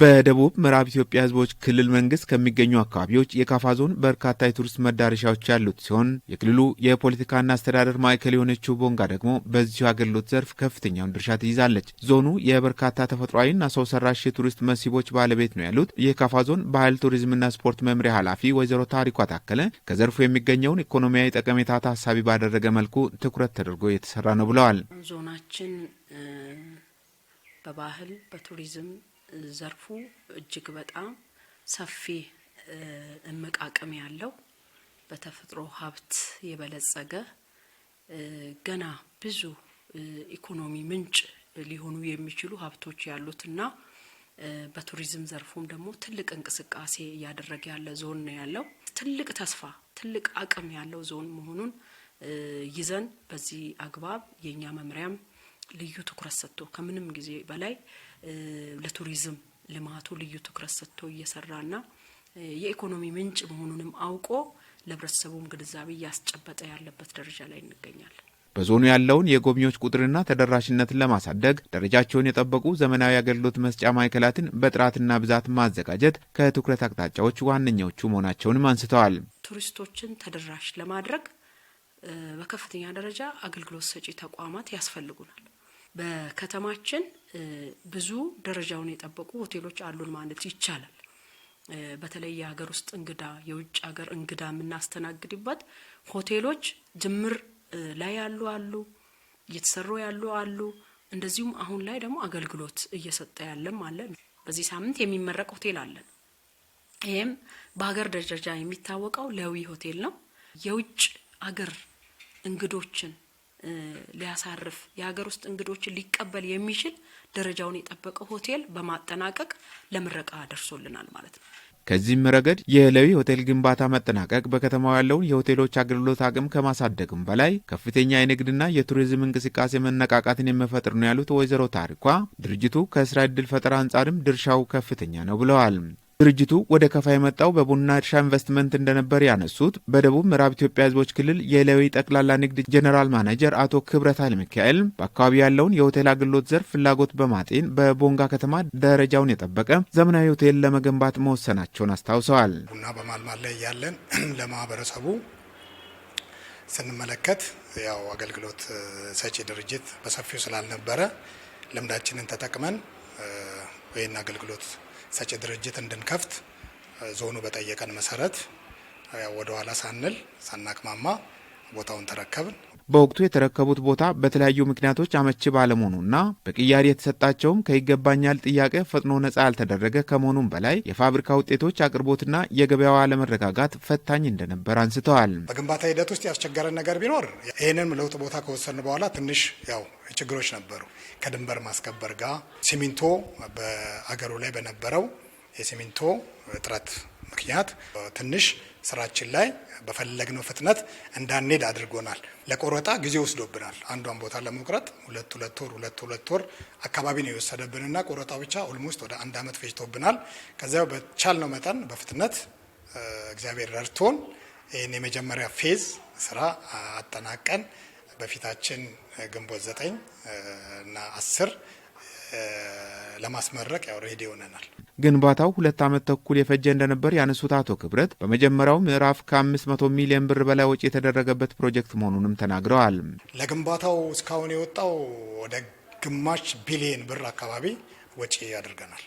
በደቡብ ምዕራብ ኢትዮጵያ ህዝቦች ክልል መንግስት ከሚገኙ አካባቢዎች የካፋ ዞን በርካታ የቱሪስት መዳረሻዎች ያሉት ሲሆን የክልሉ የፖለቲካና አስተዳደር ማዕከል የሆነችው ቦንጋ ደግሞ በዚሁ አገልግሎት ዘርፍ ከፍተኛውን ድርሻ ትይዛለች። ዞኑ የበርካታ ተፈጥሯዊና ሰው ሰራሽ የቱሪስት መስህቦች ባለቤት ነው ያሉት የካፋ ዞን ባህል ቱሪዝምና ስፖርት መምሪያ ኃላፊ ወይዘሮ ታሪኳ ታከለ ከዘርፉ የሚገኘውን ኢኮኖሚያዊ ጠቀሜታ ታሳቢ ባደረገ መልኩ ትኩረት ተደርጎ የተሰራ ነው ብለዋል። ዞናችን በባህል በቱሪዝም ዘርፉ እጅግ በጣም ሰፊ እምቅ አቅም ያለው በተፈጥሮ ሀብት የበለጸገ ገና ብዙ ኢኮኖሚ ምንጭ ሊሆኑ የሚችሉ ሀብቶች ያሉትና በቱሪዝም ዘርፉም ደግሞ ትልቅ እንቅስቃሴ እያደረገ ያለ ዞን ነው ያለው። ትልቅ ተስፋ፣ ትልቅ አቅም ያለው ዞን መሆኑን ይዘን በዚህ አግባብ የእኛ መምሪያም ልዩ ትኩረት ሰጥቶ ከምንም ጊዜ በላይ ለቱሪዝም ልማቱ ልዩ ትኩረት ሰጥቶ እየሰራና የኢኮኖሚ ምንጭ መሆኑንም አውቆ ለህብረተሰቡም ግንዛቤ እያስጨበጠ ያለበት ደረጃ ላይ እንገኛለን። በዞኑ ያለውን የጎብኚዎች ቁጥርና ተደራሽነትን ለማሳደግ ደረጃቸውን የጠበቁ ዘመናዊ አገልግሎት መስጫ ማዕከላትን በጥራትና ብዛት ማዘጋጀት ከትኩረት አቅጣጫዎች ዋነኛዎቹ መሆናቸውንም አንስተዋል። ቱሪስቶችን ተደራሽ ለማድረግ በከፍተኛ ደረጃ አገልግሎት ሰጪ ተቋማት ያስፈልጉናል። በከተማችን ብዙ ደረጃውን የጠበቁ ሆቴሎች አሉን ማለት ይቻላል። በተለይ የሀገር ውስጥ እንግዳ፣ የውጭ ሀገር እንግዳ የምናስተናግድበት ሆቴሎች ጅምር ላይ ያሉ አሉ፣ እየተሰሩ ያሉ አሉ። እንደዚሁም አሁን ላይ ደግሞ አገልግሎት እየሰጠ ያለም አለ። በዚህ ሳምንት የሚመረቅ ሆቴል አለን። ይህም በሀገር ደረጃ የሚታወቀው ለዊ ሆቴል ነው። የውጭ አገር እንግዶችን ሊያሳርፍ የሀገር ውስጥ እንግዶችን ሊቀበል የሚችል ደረጃውን የጠበቀ ሆቴል በማጠናቀቅ ለምረቃ ደርሶልናል ማለት ነው። ከዚህም ረገድ የለዊ ሆቴል ግንባታ መጠናቀቅ በከተማው ያለውን የሆቴሎች አገልግሎት አቅም ከማሳደግም በላይ ከፍተኛ የንግድና የቱሪዝም እንቅስቃሴ መነቃቃትን የመፈጥር ነው ያሉት ወይዘሮ ታሪኳ ድርጅቱ ከስራ ዕድል ፈጠራ አንጻርም ድርሻው ከፍተኛ ነው ብለዋል። ድርጅቱ ወደ ከፋ የመጣው በቡና እርሻ ኢንቨስትመንት እንደነበር ያነሱት በደቡብ ምዕራብ ኢትዮጵያ ህዝቦች ክልል የለዊ ጠቅላላ ንግድ ጀኔራል ማናጀር አቶ ክብረት ኃይለ ሚካኤል በአካባቢው ያለውን የሆቴል አገልግሎት ዘርፍ ፍላጎት በማጤን በቦንጋ ከተማ ደረጃውን የጠበቀ ዘመናዊ ሆቴል ለመገንባት መወሰናቸውን አስታውሰዋል። ቡና በማልማት ላይ ያለን ለማህበረሰቡ ስንመለከት ያው አገልግሎት ሰጪ ድርጅት በሰፊው ስላልነበረ ልምዳችንን ተጠቅመን ይህን አገልግሎት ሰጪ ድርጅት እንድንከፍት ዞኑ በጠየቀን መሰረት ወደኋላ ሳንል ሳናቅማማ ቦታውን ተረከብን። በወቅቱ የተረከቡት ቦታ በተለያዩ ምክንያቶች አመቺ ባለመሆኑና በቅያሪ የተሰጣቸውም ከይገባኛል ጥያቄ ፈጥኖ ነጻ ያልተደረገ ከመሆኑም በላይ የፋብሪካ ውጤቶች አቅርቦትና የገበያው አለመረጋጋት ፈታኝ እንደነበር አንስተዋል። በግንባታ ሂደት ውስጥ ያስቸገረን ነገር ቢኖር ይህንን ለውጥ ቦታ ከወሰን በኋላ ትንሽ ያው ችግሮች ነበሩ። ከድንበር ማስከበር ጋር ሲሚንቶ በአገሩ ላይ በነበረው የሲሚንቶ እጥረት ምክንያት ትንሽ ስራችን ላይ በፈለግነው ፍጥነት እንዳንሄድ አድርጎናል። ለቆረጣ ጊዜ ወስዶብናል። አንዷን ቦታ ለመቁረጥ ሁለት ሁለት ወር ሁለት ሁለት ወር አካባቢ ነው የወሰደብንና ቆረጣ ብቻ ኦልሞስት ወደ አንድ አመት ፈጅቶብናል። ከዚያ በቻልነው መጠን በፍጥነት እግዚአብሔር ረድቶን ይህን የመጀመሪያ ፌዝ ስራ አጠናቀን በፊታችን ግንቦት ዘጠኝ እና አስር ለማስመረቅ ያው ሬዲ ሆነናል። ግንባታው ሁለት ዓመት ተኩል የፈጀ እንደነበር ያነሱት አቶ ክብረት በመጀመሪያው ምዕራፍ ከ500 ሚሊዮን ብር በላይ ወጪ የተደረገበት ፕሮጀክት መሆኑንም ተናግረዋል። ለግንባታው እስካሁን የወጣው ወደ ግማሽ ቢሊየን ብር አካባቢ ወጪ አድርገናል።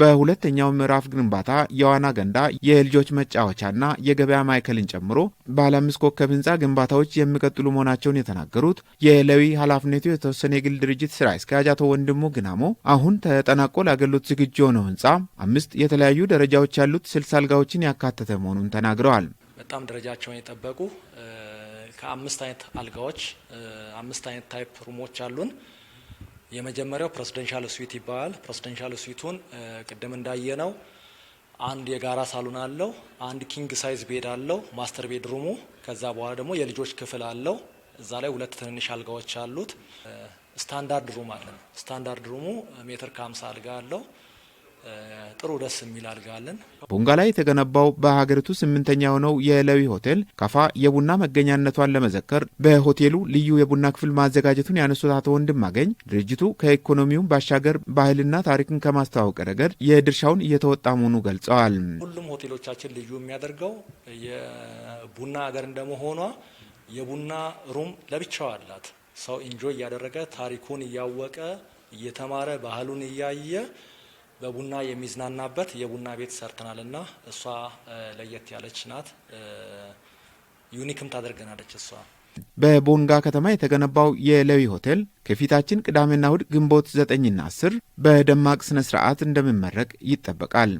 በሁለተኛው ምዕራፍ ግንባታ የዋና ገንዳ፣ የልጆች መጫወቻና የገበያ ማዕከልን ጨምሮ ባለ አምስት ኮከብ ህንፃ ግንባታዎች የሚቀጥሉ መሆናቸውን የተናገሩት የለዊ ኃላፊነቱ የተወሰነ የግል ድርጅት ስራ አስኪያጅ አቶ ወንድሙ ግናሞ አሁን ተጠናቆ ለአገልግሎት ዝግጁ የሆነው ህንፃ አምስት የተለያዩ ደረጃዎች ያሉት ስልሳ አልጋዎችን ያካተተ መሆኑን ተናግረዋል። በጣም ደረጃቸውን የጠበቁ ከአምስት አይነት አልጋዎች አምስት አይነት ታይፕ ሩሞች አሉን የመጀመሪያው ፕሬዚደንሻል ስዊት ይባላል። ፕሬዚደንሻል ስዊቱን ቅድም እንዳየ ነው አንድ የጋራ ሳሎን አለው፣ አንድ ኪንግ ሳይዝ ቤድ አለው፣ ማስተር ቤድ ሩሙ። ከዛ በኋላ ደግሞ የልጆች ክፍል አለው። እዛ ላይ ሁለት ትንንሽ አልጋዎች አሉት። ስታንዳርድ ሩም አለ። ስታንዳርድ ሩሙ ሜትር ከ50 አልጋ አለው። ጥሩ ደስ የሚል አልጋ አለን። ቦንጋ ላይ የተገነባው በሀገሪቱ ስምንተኛ የሆነው የለዊ ሆቴል ከፋ የቡና መገኛነቷን ለመዘከር በሆቴሉ ልዩ የቡና ክፍል ማዘጋጀቱን ያነሱት አቶ ወንድማገኝ ድርጅቱ ከኢኮኖሚውም ባሻገር ባህልና ታሪክን ከማስተዋወቅ ረገድ የድርሻውን እየተወጣ መሆኑ ገልጸዋል። ሁሉም ሆቴሎቻችን ልዩ የሚያደርገው የቡና ሀገር እንደመሆኗ የቡና ሩም ለብቻው አላት። ሰው ኢንጆይ እያደረገ ታሪኩን እያወቀ እየተማረ ባህሉን እያየ በቡና የሚዝናናበት የቡና ቤት ሰርተናል እና እሷ ለየት ያለች ናት። ዩኒክም ታደርገናለች እሷ። በቦንጋ ከተማ የተገነባው የለዊ ሆቴል ከፊታችን ቅዳሜና እሁድ ግንቦት ዘጠኝና አስር በደማቅ ስነ ስርዓት እንደሚመረቅ ይጠበቃል።